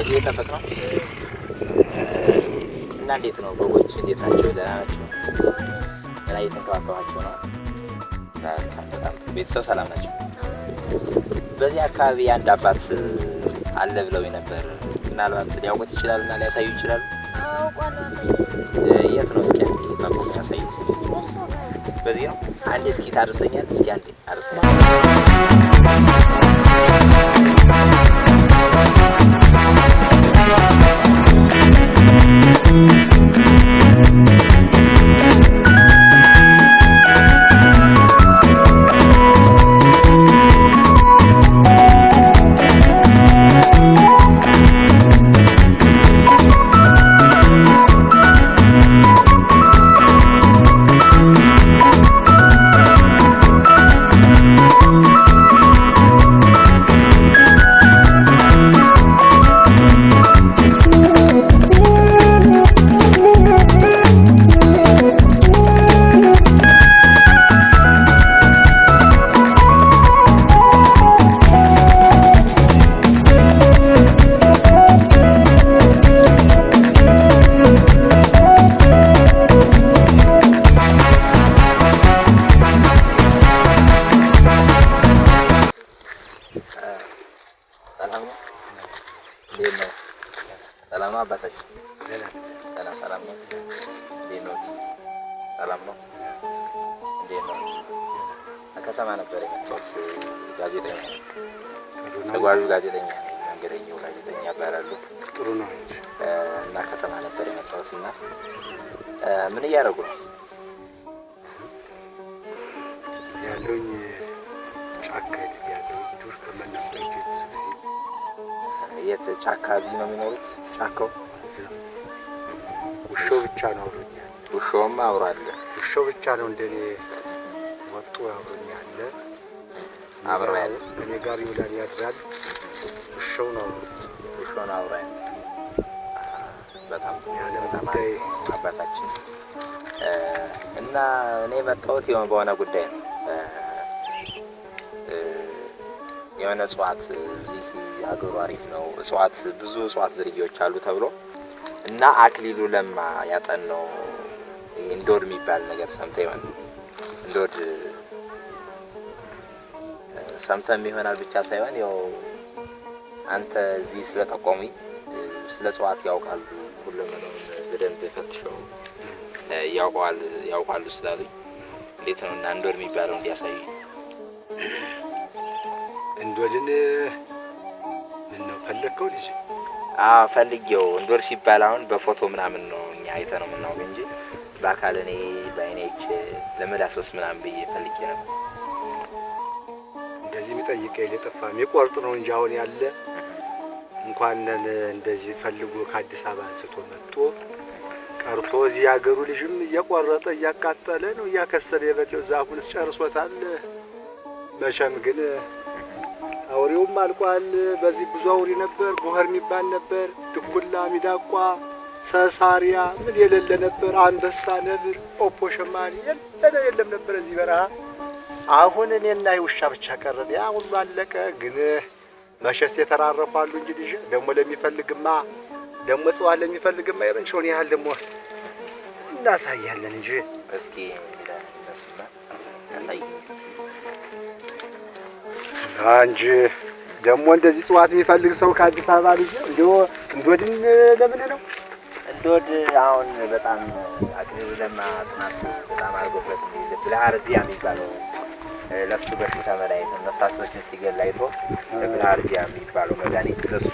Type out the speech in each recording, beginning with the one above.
የሚኖርበት የተፈጥሮ ነው እና እንዴት ነው በጎች እንዴት ናቸው? ደህና ናቸው? ገና እየተንከባከባቸው ነው? ቤተሰብ ሰላም ናቸው? በዚህ አካባቢ አንድ አባት አለ ብለው ነበር። ምናልባት ሊያውቁት ይችላሉ እና ሊያሳዩ ይችላሉ። የት ነው? እስኪ ያሳይ። በዚህ ነው። አንዴ እስኪ ታደርሰኛል? እስኪ አንዴ አድርሰኛል። አባታችን ጤና ሰላም ነው? እንዴት ነው? ሰላም ነው? እንዴት ነው? ከተማ ነበር የመጣሁት። ጋዜጠኛ ተጓዡ ጋዜጠኛ መንገደኛው ጋዜጠኛ እባላለሁ። ጥሩ ነው እና ከተማ ነበር የመጣሁት እና ምን እያደረጉ ነው? ያለውኝ ጫካ ያለው ዱር ከመናፈቅ የት ጫካ እዚህ ነው የሚኖሩት? ጫካው ዝም። ብቻ ነው አብሮኛል። ውሻውም አብሮ ውሾ ብቻ ነው እንደኔ ወጡ አብሮኛል። አብሮ እኔ ጋር ይውላል ያድራል። ውሻው ነው ውሾ ነው አብሮ በጣም ጉዳይ አባታችን እና እኔ መጣሁት የሆነ በሆነ ጉዳይ ነው የሆነ እጽዋት ሀገሩ አሪፍ ነው። እጽዋት ብዙ እጽዋት ዝርያዎች አሉ ተብሎ እና አክሊሉ ለማ ያጠን ነው እንዶድ የሚባል ነገር ሰምተ ይሆን እንዶድ ሰምተም ይሆናል ብቻ ሳይሆን ያው አንተ እዚህ ስለጠቆሙኝ ስለ እጽዋት ያውቃሉ ሁለመናውን በደንብ ፈትሸው ያውቃሉ ስላሉኝ እንዴት ነው እና እንዶድ የሚባለው እንዲያሳዩ እንዶድን ምን ነው ፈለግከው? ልጅ አዎ ፈልጌው እንዶር ሲባል አሁን በፎቶ ምናምን ነው እኛ አይተ ነው የምናውቅ እንጂ በአካል እኔ በአይኔች ለመዳሰስ ምናምን ብዬ ፈልጌ ነው። እንደዚህ የሚጠይቀ የጠፋ የሚቆርጥ ነው እንጂ አሁን ያለ እንኳን እንደዚህ ፈልጎ ከአዲስ አበባ አንስቶ መጥቶ ቀርቶ እዚህ የሀገሩ ልጅም እየቆረጠ እያቃጠለ ነው እያከሰለ የበለው ዛፉንስ ጨርሶታል። መቼም ግን አውሬውም አልቋል። በዚህ ብዙ አውሬ ነበር። ሞኸር የሚባል ነበር፣ ድኩላ፣ ሚዳቋ፣ ሰሳሪያ ምን የሌለ ነበር። አንበሳ፣ ነብር፣ ኦፖ፣ ሸማኔ የሌለ የለም ነበር እዚህ በረሃ። አሁን እኔና ውሻ ብቻ ቀረን። ያ ሁሉ አለቀ። ግን መሸስ የተራረፉ አሉ። እንግዲህ ደግሞ ለሚፈልግማ ደግሞ ጽዋ ለሚፈልግማ የምንችለውን ያህል ደግሞ እናሳያለን እንጂ እስኪ እንጂ ደግሞ እንደዚህ እጽዋት የሚፈልግ ሰው ከአዲስ አበባ ልጅ እንዲሁ እንዶድን ለምን ነው እንዶድ አሁን በጣም አቅሪቡ ለማ ጥናት በጣም አድርጎበት ብልሃርዚያ የሚባለው ለሱ በሽታ መድኃኒት ነፍሳቶችን ሲገል አይቶ ብልሃርዚያ የሚባለው መድኃኒት ለሱ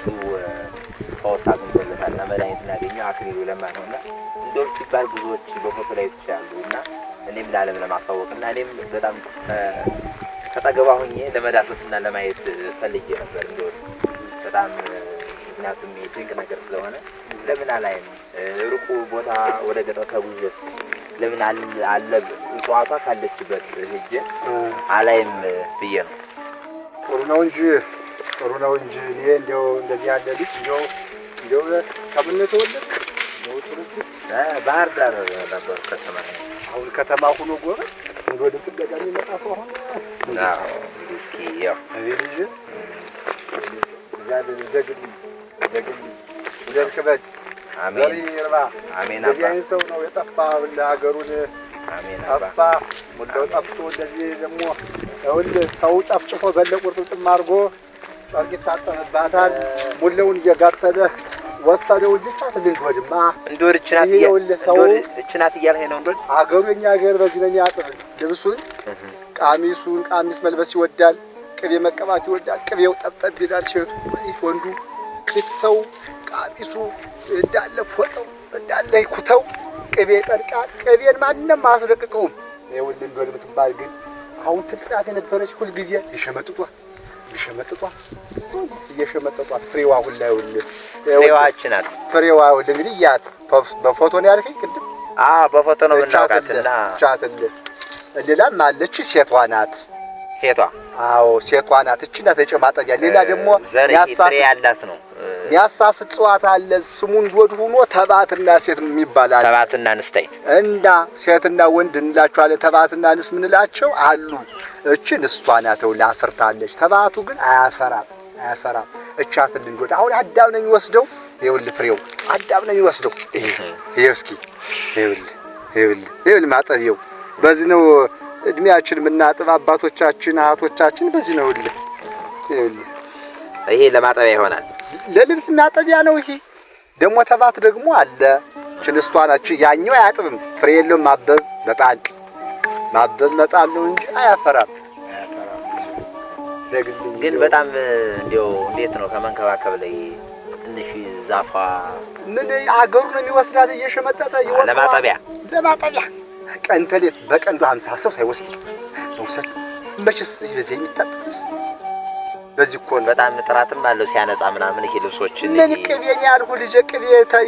ፈውስ አግኝቶለታል እና መድኃኒት እናገኘው አክሊሉ ለማ ነው እና እንዶድ ሲባል ብዙዎች በፎቶ ላይ ይችላሉ እና እኔም ለዓለም ለማሳወቅ እና እኔም በጣም ከጠገባ ሁኜ ለመዳሰስና ለማየት ፈልጌ ነበር። እንደው በጣም ምክንያቱም ድንቅ ነገር ስለሆነ ለምን አላይም? ሩቁ ቦታ ወደ ገጠር ተጉዤስ ለምን አለ እጽዋቷ ካለችበት ሄጄ አላይም ብዬ ነው። ጥሩ ነው እንጂ ጥሩ ነው እንጂ እኔ እንደው እንደዚህ ያለ ልጅ እንደው እንደው ከምን ተወለድክ? ባህር ዳር ነበር ከተማ። አሁን ከተማ ሁኖ ጎበዝ እንደው ድብቅ ሰው አሁን ሰው ነው የጠፋ ሀገሩን ጠፋ አድርጎ ጨርቅ ይታጠምባታል ሙላውን እየጋተለ ወሰደው ልጅ አትልጅ እንዶር እችናት እችናት ነው። እንዶር አገሩ የኛ ሀገር በዚህ ነው የሚያጥር። ልብሱን ቃሚሱን ቃሚስ መልበስ ይወዳል፣ ቅቤ መቀባት ይወዳል። ቅቤው ጠብጠብ ይላል። ወንዱ ቃሚሱ እንዳለ ፎጠው እንዳለ ይኩተው ቅቤ ጠርቃል። ቅቤን ማንም አያስለቅቀውም። ይኸውልህ እንዶር የምትባል ግን አሁን የነበረች ሁልጊዜ ይሸመጥጧል እየሸመጠጧት እየሸመጠጧት ፍሬዋ ሁላ ይኸውልህ ናት። ፍሬዋ ይኸውልህ እንግዲህ እያት በፎቶ ነው ያልከኝ ቅድም? አዎ በፎቶ ነው የምናውቃትና ሌላም አለች። ሴቷ ናት ሴቷ። አዎ ሴቷ ናት። እቺ ናት የጨማጠቢያ ሌላ ደግሞ ያሳስ ያላት ነው ያሳስት ጽዋት አለ ስሙን ዶድ ሆኖ ተባትና ሴት የሚባል አለ። ተባትና ንስተይ እንዳ ሴትና ወንድ እንላቸዋለን። ተባትና እንስት ምንላቸው አሉ። እቺ ንስቷ ናት ላፍርታለች። ተባቱ ግን አያፈራም፣ አያፈራም። እቻት ልንጎድ አሁን አዳም ነው የሚወስደው። ይኸውልህ ፍሬው አዳም ነው የሚወስደው። ይሄ እስኪ ይኸውልህ፣ ይኸውልህ፣ ይኸውልህ ማጠቢያው በዚህ ነው። እድሜያችን የምናጥብ አባቶቻችን፣ አያቶቻችን በዚህ ነው። ይኸውልህ፣ ይሄ ለማጠቢያ ይሆናል። ለልብስ ማጠቢያ ነው። ይሄ ደግሞ ተባት ደግሞ አለ። ችንስቷ ናች። ያኛው አያጥብም፣ ፍሬ የለውም። ማበብ መጣል ማበብ መጣል ነው እንጂ አያፈራም። ግን በጣም እንዲያው እንዴት ነው ከመንከባከብ ላይ ትንሽ ዛፏ ምን አገሩ አገሩን የሚወስዳት እየሸመጠጠ ለማጠቢያ ለማጠቢያ ቀን ተሌት በቀንዱ 50 ሰው ሳይወስድ መውሰድ መቼስ በዚህ የሚታጠብስ በዚህ እኮ ነው በጣም ጥራትም አለው ሲያነጻ ምናምን። ይሄ ልብሶችን ምን ቅቤ ያልኩ ልጅ ቅቤ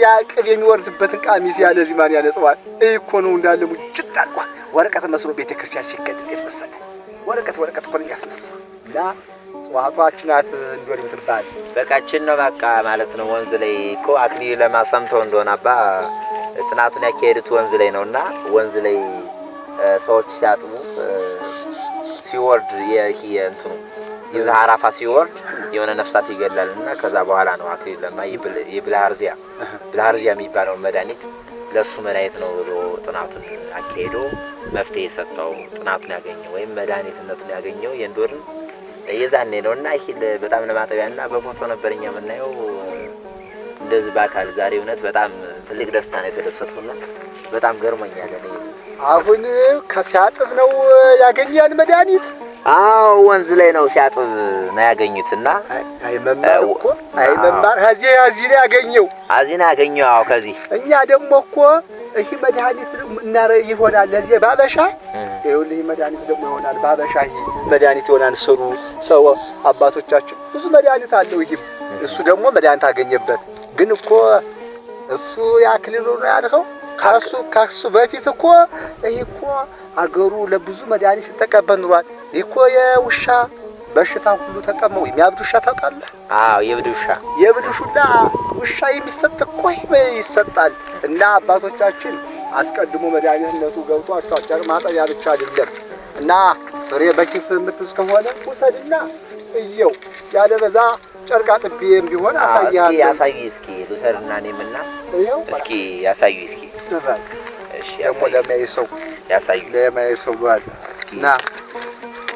ያ ቅቤ የሚወርድበትን ቀሚስ ያለ ያለዚህ ማን ያነጽዋል? ይህ እኮ ነው እንዳለ ሙጭት አልኳል። ወረቀት መስሎ ቤተ ክርስቲያን ሲገድ እንዴት መሰለ ወረቀት ወረቀት እኮ ነው ያስመስል እና ጽዋቷችን ናት እንዶል ምትባል በቃችን ነው በቃ ማለት ነው። ወንዝ ላይ እኮ አክሊ ለማሰምተው እንደሆነ አባ ጥናቱን ያካሄዱት ወንዝ ላይ ነው እና ወንዝ ላይ ሰዎች ሲያጥሙ ሲወርድ እንትኑ የዛ አራፋ ሲወርድ የሆነ ነፍሳት ይገላል እና ከዛ በኋላ ነው አክሊሉ ለማ የብልሃርዚያ ብላርዚያ የሚባለውን መድኃኒት ለእሱ መድኃኒት ነው ብሎ ጥናቱን አካሄዶ መፍትሄ የሰጠው ጥናቱን ያገኘው ወይም መድኃኒትነቱን ያገኘው የእንዶርን የዛኔ ነው እና ይሄ በጣም ለማጠቢያ እና በፎቶ ነበር እኛ የምናየው እንደዚህ በአካል ዛሬ እውነት በጣም ትልቅ ደስታ ነው የተደሰትኩና በጣም ገርሞኛል። አሁን ከሲያጥፍ ነው ያገኘን መድኃኒት አዎ ወንዝ ላይ ነው ሲያጥብ ነው ያገኙትና አይ መማር እኮ አይ መማር ከዚህ ከዚህ ነው ያገኘው ከዚህ ነው ያገኘው። አዎ ከዚህ እኛ ደግሞ እኮ ይህ መድኃኒት እናረ ይሆናል ለዚህ ባበሻ ይሁን ይህ መድኃኒት ደግሞ ይሆናል ባበሻ ይህ መድኃኒት ይሆናል። ስሩ ሰው አባቶቻችን ብዙ መድኃኒት አለው። ይህም እሱ ደግሞ መድኃኒት አገኘበት። ግን እኮ እሱ ያክሊሉ ነው ያልከው ከሱ ከሱ በፊት እኮ ይህ እኮ አገሩ ለብዙ መድኃኒት ሲጠቀበት ኑሯል። እኮ የውሻ በሽታ ሁሉ ተቀመው የሚያብድ ውሻ ታውቃለህ? አዎ የብድ ውሻ የብድ ሹላ ውሻ የሚሰጥ እኮ ይሰጣል። እና አባቶቻችን አስቀድሞ መድኃኒትነቱ ገብቶ አስተዋቸር ማጠቢያ ብቻ አይደለም እና ፍሬ በኪስ የምትስ ከሆነ ውሰድና እየው ያለ በዛ ጨርቃ አጥቤም ቢሆን አሳያለሁ። ያሳዩ እስኪ ልውሰድና እኔም እና እስኪ ያሳዩ እስኪ ደግሞ ለሚያይ ሰው ያሳዩ ለሚያይ ሰው እስኪ ና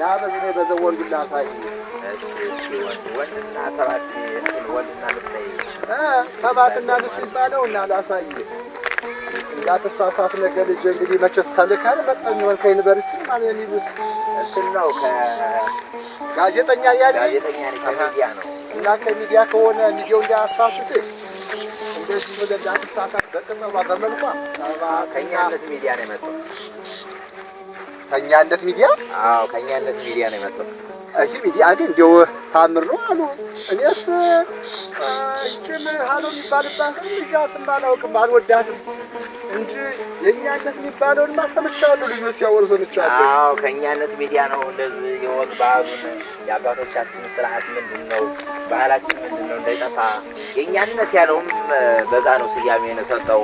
ዳበዝኔ በዘወልዱ ላሳይ ተባትና ንሱ ይባለው እና ላሳይ እንዳትሳሳት ነገር ልጅ እንግዲህ መቼስ ተልካል በጣም ይሆን ከዩኒቨርሲቲ ማን የሚሉት እንትን ነው ከጋዜጠኛ ያለ እና ከሚዲያ ከሆነ ሚዲያው እንዳያሳስት እንደዚህ ወደ እንዳትሳሳት በቅመማ በመልኳ ከኛ ሚዲያ ነው የመጣው ከእኛነት ሚዲያ አዎ፣ ከእኛነት ሚዲያ ነው የመጣው። እሺ፣ ሚዲያ ግን እንደው ታምር ነው አሉ። እኔስ እቺም ሃሎ የሚባልባት ልጃትም አላውቅም፣ አልወዳትም እንጂ የእኛነት የሚባለውንማ ሰምቻለሁ፣ ልጆች ሲያወሩ ሰምቻለሁ። አዎ፣ ከእኛነት ሚዲያ ነው እንደዚህ የወግ ባህሉን የአባቶቻችን ስርዓት ምንድን ነው ባህላችን ምንድን ነው እንዳይጠፋ የእኛነት ያለውም በዛ ነው ስያሜ የነሰጠው።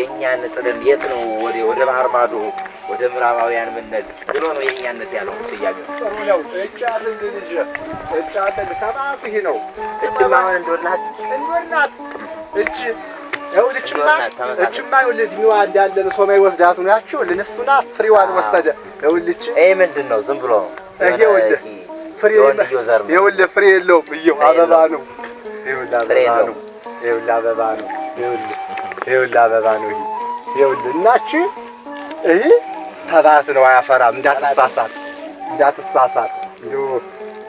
የእኛን ጥልል የት ነው ወደ ወደ ባህር ማዶ ወደ ምዕራባውያን ምነግ ብሎ ነው የእኛነት ያለው ስያሜ። ነው። እች አለን ልጅ እች አለን ይሄ ነው። እችማ አሁን እንደወርናት እንደወርናት እች ይኸውልህማ እችማ ይኸውልህ እድሜዋ እንዳለ ነው። ሶማይ ወስዳቱ ናቸው ልንስቱና ፍሬዋን ወሰደ። ይኸውልህ ይሄ ምንድን ነው? ዝም ብሎ ይኸውልህ ፍሬ ይኸውልህ ፍሬ የለውም። እየው አበባ ነው። ይኸውልህ አበባ ነው። ይኸውልህ አበባ ነው። ይኸውልህ ይኸውልህ አበባ ነው ይሄ። ይኸውልህ እናችህ ይሄ ተባት ነው አያፈራም። እንዳትሳሳት እንዳትሳሳት። እንዲሁ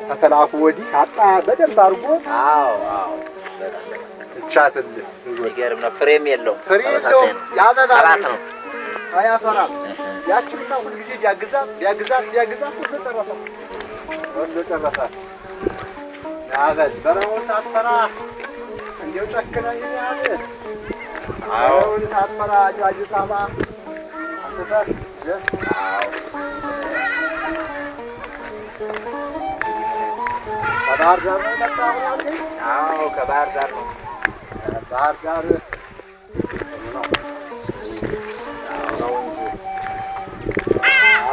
ከተላኩ ወዲህ አጣ በደንብ አድርጎ አዎ፣ አዎ እቻትልህ። ይገርም ነው። ፍሬም የለውም። ፍሬ የለውም። ተባት ነው አያፈራም። ያችንማ ሁልጊዜ ቢያግዛት ቢያግዛት ቢያግዛት ሁሉ ጨረሰ ወንዶ ጨረሰ። ናበል በረሆን ሳትፈራ እንዲው ጨክና ይሄ አሁን ሳትመራ አዲስ አበባ አስተታሽ ደስ ከባህር ዳር ነው የመጣው። አዎ ከባህር ዳር ነው። ባህር ዳር ነው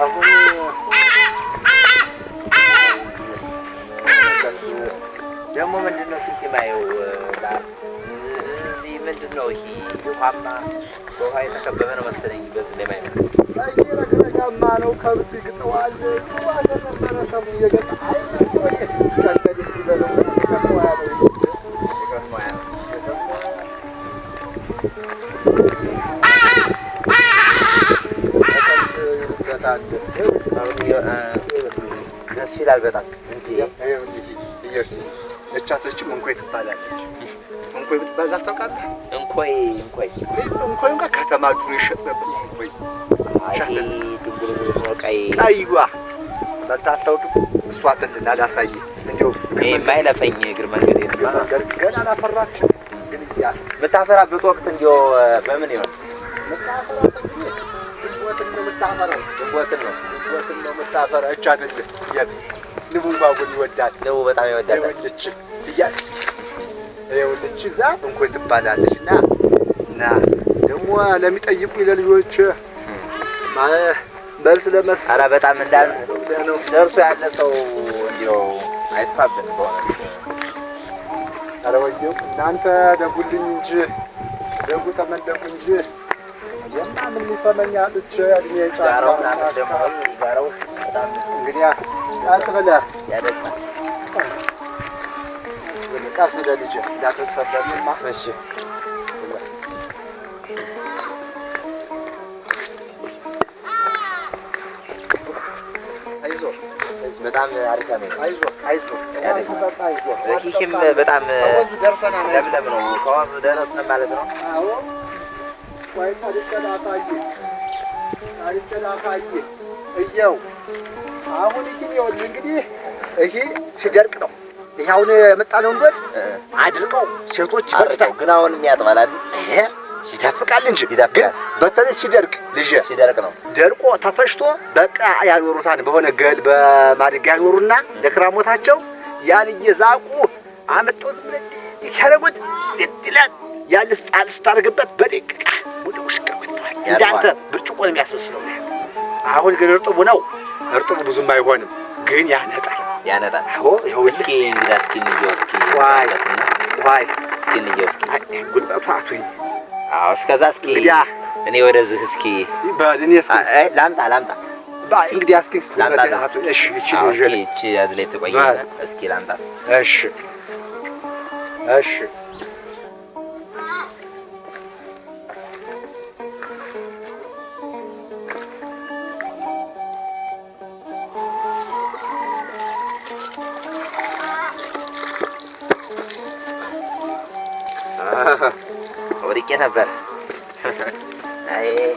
አሁን ደግሞ ምንድን ነው ሲማየው ምንድን ነው ይሄ ውሃማ በውሃ የተከበበ ነው መሰለኝ። በዚህ ላይ ማይመ ረጋማ ነው። ከብት ይግጠዋል። ሰሙ እየገጠ ደስ ይላል በጣም እንዴ! እየርስ እቻቶችም እንኳ ትባላለች እንኮይ ብትባል ዛፍ ታውቃለህ? እንኮይ እንኮይ እንኮይ እንኳን ከተማ ዱር ይሸጥ ነበር። እንኮይ አይዋ መታ አታውቅም። እሷ ጥልና ላሳየ እንዲሁ የማይለፈኝ እግር መንገድ ገና አላፈራችም። ግን የምታፈራበት ወቅት እንዲሁ በምን ይሆን ምታፈራ? እቻ ንቡ ይወዳል። ንቡ በጣም ይወዳል። ይኸውልሽ ዛፍ እንኮይ ትባላለች እና እና ደግሞ ለሚጠይቁ ለልጆች መልስ ለመስ ኧረ በጣም እንዳን ለብሶ ያለ ሰው እንዲያው አይጥፋብን በሆነ ኧረ እናንተ ደጉልኝ እንጂ ደጉ ተመለኩ እንጂ የማምን ሰመኛ ልጅ እድሜ ጫራ ጋራው እንግዲህ አስበላ ያደግ ስለ ልጅ እንዳትሰለምማ። እሺ በጣም አሪፍ ነው። ይህም በጣም ለምለም ነው። ከወንዙ ደረስን ማለት ነው። አሁን ግን እንግዲህ ይሄ ሲደርቅ ነው ይሄ አሁን ነው እንደት አድርቀው ሴቶች ይፈጩታል። ግን አሁን የሚያጥባላል ይደፍቃል እንጂ ይደፍቃል። በተለይ ሲደርቅ ልጅ ሲደርቅ ነው ደርቆ ተፈሽቶ በቃ ያልወሩታን በሆነ ገል በማድጋ ያልወሩና ለክራሞታቸው ያን እየዛቁ አመጣው ዝም ብለህ ይቸረጉት ይላል ያን ስጣል ስታርግበት በደቂቃ ወደ ውሽቅ ወጥቷል። እንዳንተ ብርጭቆ ነው የሚያስመስለው። አሁን ግን እርጥቡ ነው እርጥቡ ብዙም አይሆንም፣ ግን ያነጣል ያነጣል። እስኪ እንግዳ እስኪ እንየው እኔ ወደዚህ እስኪ ላምጣ ላምጣ እንግዲህ እስኪ ላምጣ። እሺ እሺ እሺ نبر اي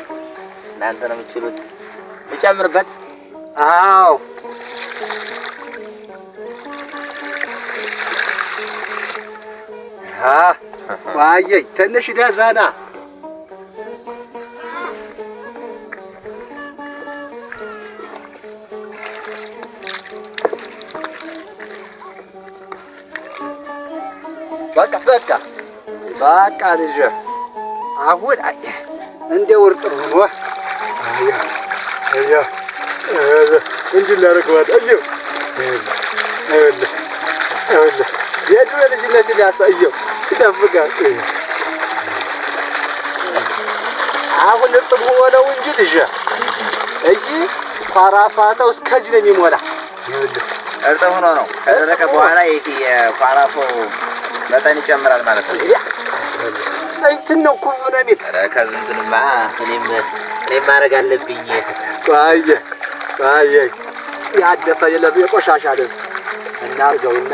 نانت انا متشلوت متشمر بات اهو ها وايي تنش ده زانا بكا بكا بكا نجف አሁን እንደ ውርጥ ሆኖ እንዲህ ላደርገዋል። የድሮ ልጅነት ሊያሳየው ይጠብቃል። አሁን እርጥብ ሆነው እንጂ ልጅ እይ ኳራፋታው እስከዚህ ነው የሚሞላ። እርጥብ ሆኖ ነው ከደረቀ በኋላ የኳራፋው መጠን ይጨምራል ማለት ነው። ዘይትን ነው ኩብ ነቤት ከዝንትንማ እኔም እኔም ማድረግ አለብኝ። ቆየ ቆየ ያደፈ የለብ የቆሻሻ ልብስ እናርገውና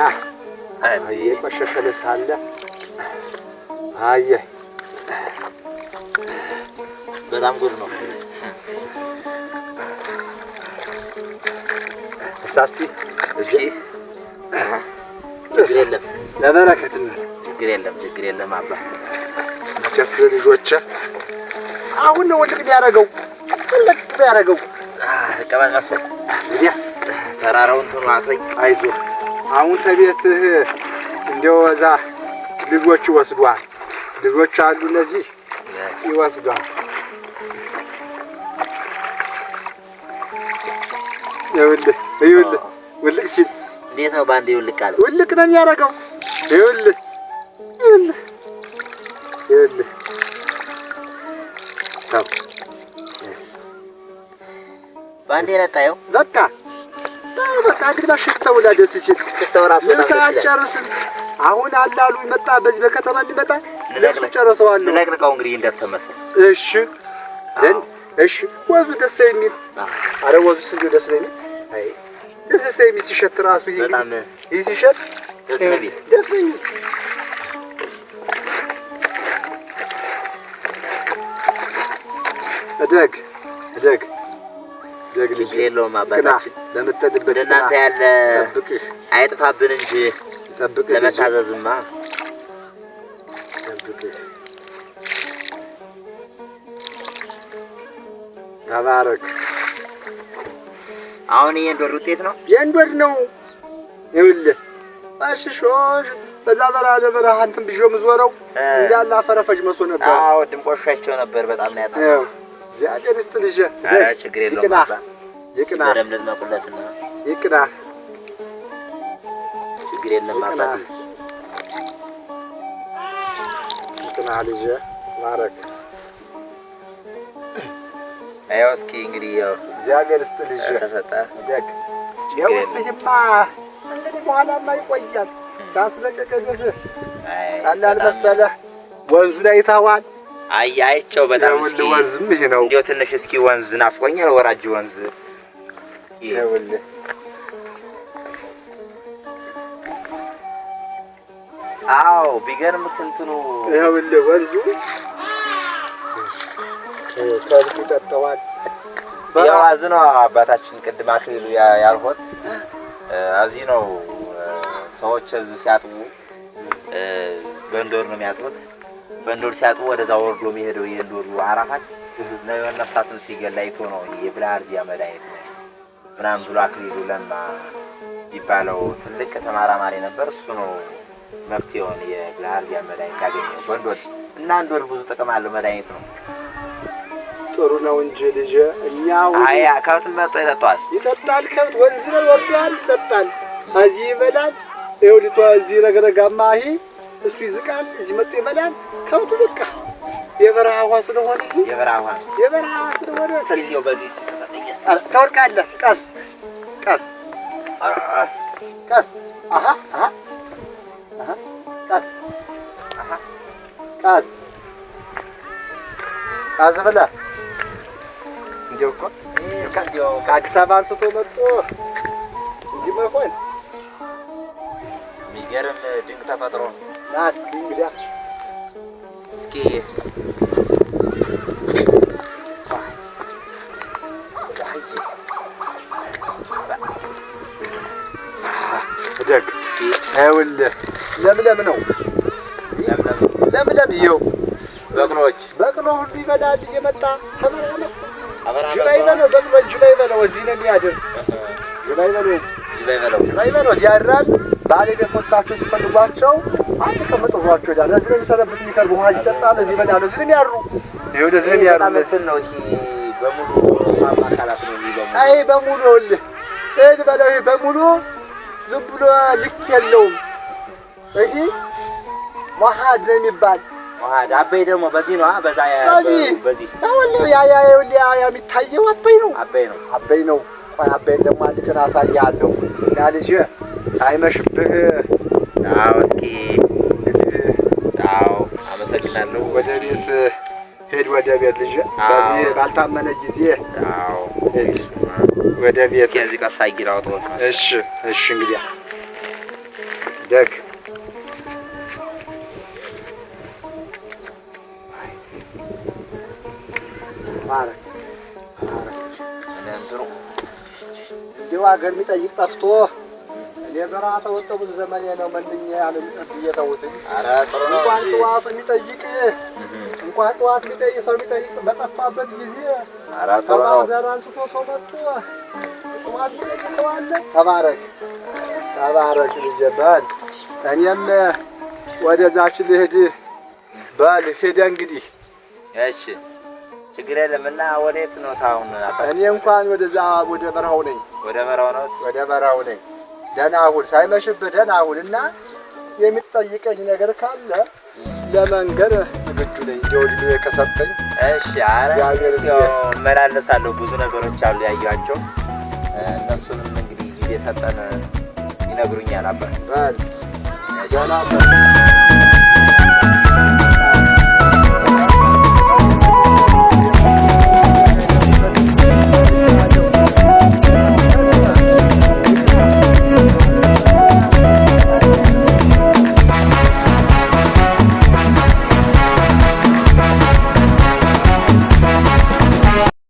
የቆሸሸ ልብስ አለ። አየ በጣም ጉድ ነው። እሳሲ እስኪ ችግር የለም ለበረከት ችግር የለም ችግር የለም አባ መቼስ አሁን ነው ውልቅ ቢያደርገው ውልቅ ቢያደርገው። ተራራውን አይዞህ። አሁን ተቤትህ እንዲያው እዛ ልጆች ይወስዷል። ልጆች አሉ እነዚህ ይወስዷል። ይኸውልህ ይኸውልህ ውልቅ ሲል እንዴት ነው አለ። ውልቅ ነው የሚያደርገው ይኸውልህ ይኸውልህ በአንዴ ነጣየው በቃ በቃ እንግዲህ ሽታው ደስ ሲል ሽታው ራሱ ሳጨርስም አሁን አላሉ ይመጣ በዚህ በከተማ እንዲመጣ ልብሱ ጨርሰዋለሁ። ልነቅንቀው እንግዲህ እንደፍተህ መሰለህ። እሺ እሺ። ወዙ ደስ የሚል አረ ወዙስ እንዲሁ ደስ የሚል አይ ደስ የሚል ሲሸት ራሱ ይሄ ይሄ ሲሸት ደስ የሚል ደስ የሚል እደግ እደግ እደግ ልጅ የለውም አባታችን ለምትጠድበት እናንተ ያለ አይጥፋብን እንጂ ጠብቅህ ለመታዘዝማ ተባረክ። አሁን የእንዶድ ውጤት ነው፣ የእንዶድ ነው። ይኸውልህ አሽሾሽ በዛ በራ በረሃ እንትን ብዬሽ የምዞረው እንዳለ አፈረፈጅ መስሎ ነበር። አዎ ድምቆሻቸው ነበር በጣም ነው ያጣ እግዚአብሔር ይስጥ ልጅ ችግር የለውም። ይቅና ይቅና ችግር የለም አባት ይቅና ልጅ ማረክ ያው እስኪ እንግዲህ ያው እግዚአብሔር ይስጥ ልጅ ተሰጠ። ያው ስይማ እንግዲህ በኋላማ ይቆያል። ሳስለቀቀልህ ቀላል መሰለህ? ወንዝ ላይ ይተዋል አያይቸው በጣም እስኪ ወንዝም ይሄ ነው። እንዴው ትንሽ እስኪ ወንዝ ናፍቆኛል። ወራጅ ወንዝ ይሄውል አው ቢገርም እንትኑ ይሄውል ወንዙ ከብቱ ጠጥተዋል። ያው አዝኖ አባታችን ቅድም አክሊሉ ያልሆት እዚህ ነው ሰዎች እዚህ ሲያጥቡ በንዶር ነው የሚያጥቡት። በእንዶድ ሲያጥቡ ወደዛ ወርዶ የሚሄደው የእንዶዱ አራፋት ነው። ነፍሳትም ሲገላ አይቶ ነው የብላር ዚያ መድኃኒት ነው ምናምን ብሎ አክሊሉ ለማ ይባለው ትልቅ ተማራማሪ ነበር። እሱ ነው መፍትሄውን የብላር ዚያ መድኃኒት ያገኘው በእንዶድ እና እንዶድ ብዙ ጥቅም አለው መድኃኒት ነው። ጥሩ ነው እንጂ ልጅ እኛ አያ ከብት መጥቶ ይጠጣል ይጠጣል። ከብት ወንዝ ነው ይወርዳል፣ ይጠጣል፣ እዚህ ይበላል። ይኸው ልቷ እዚህ ረግረጋማ ይሄ እሱ ይዝቃል፣ እዚህ መጥቶ ይበላል። ከብቱ በቃ የበረሃ ውሃ ስለሆነ የበረሃ ውሃ የበረሃ ውሃ ስለሆነ ስለዚህ በዚህ ተወርቃለህ። ቀስ ቀስ ቀስ አሃ ቀስ ቀስ ቀስ ብለህ እንዲያው እኮ ከአዲስ አበባ አንስቶ መጥቶ እንዲህ መሆን የሚገርም ድንቅ ተፈጥሮ ነው። ناس كبيرة مسكية واحد وحية هداك ها ولا لملم ነው ለምለም ለምለም ይኸው በቅሎች በቅሎ ሁሉ ይበላል እየመጣ ተመራለ ጅባ ይበለው በቅሎ ጅባ ይበለው እዚህ ነው የሚያድር ጅባ ይበለው ጅባ ይበለው ጅባ ይበለው እዚህ ያድራል ባሌ ቤት ወጣችሁ ሲፈልጓቸው ተቀምጦ ሆኗቸው ይላል። እዚህ የሚሰነብት በሙሉ አይ ዝም ብሎ ልክ የለውም። ይሄ ዋሃድ ነው የሚባል ዋሃድ አበይ ደግሞ በዚህ ነው። በዛ በዚህ ያ ያ ያ የሚታየው አበይ ነው። አበይ ነው። አበይ ነው። ቆይ አበይን ደግሞ አንድ አሳያለሁ እና ልጅ አይመሽብህ። አዎ እስኪ አዎ አመሰግናለሁ። ወደ ቤት ሄድ፣ ወደ ቤት ልጅ ባልታመነ ጊዜ አዎ ወደ ቤት። ከዚህ ቀሳ ይግዳው ተወስ። እሺ፣ እሺ። እንግዲያ ደግ ማረክ ማረክ እንደው አገር የሚጠይቅ ጠፍቶ እኔ በረሃ ተወጠቡት ዘመኔ ነው መልኜ ያልምጠት እየተውትኝ እንኳን ጽዋት የሚጠይቅ እንኳን ጽዋት የሚጠይቅ ሰው የሚጠይቅ በጠፋበት ጊዜ ከባህር አንስቶ ሰው መጥቶ ጽዋት የሚጠይቅ ሰው አለ። ተባረክ ተባረክ ልጄ በል እኔም ወደዛች ልሂድ በል ሂድ እንግዲህ እሺ ችግር የለም። እና ወዴት ነው ታሁን? እኔ እንኳን ወደዛ ወደ በረሃው ነኝ። ወደ በረሃው ነው። ወደ በረሃው ነኝ። ደህና ሁን፣ ሳይመሽብህ ደህና ሁን እና የሚጠይቀኝ ነገር ካለ ለመንገር ዝግጁ ነኝ። ዲወድ ከሰጠኝ እሺ፣ አረ እመላለሳለሁ። ብዙ ነገሮች አሉ ያየኋቸው። እነሱንም እንግዲህ ጊዜ ሰጠን ይነግሩኛል አባ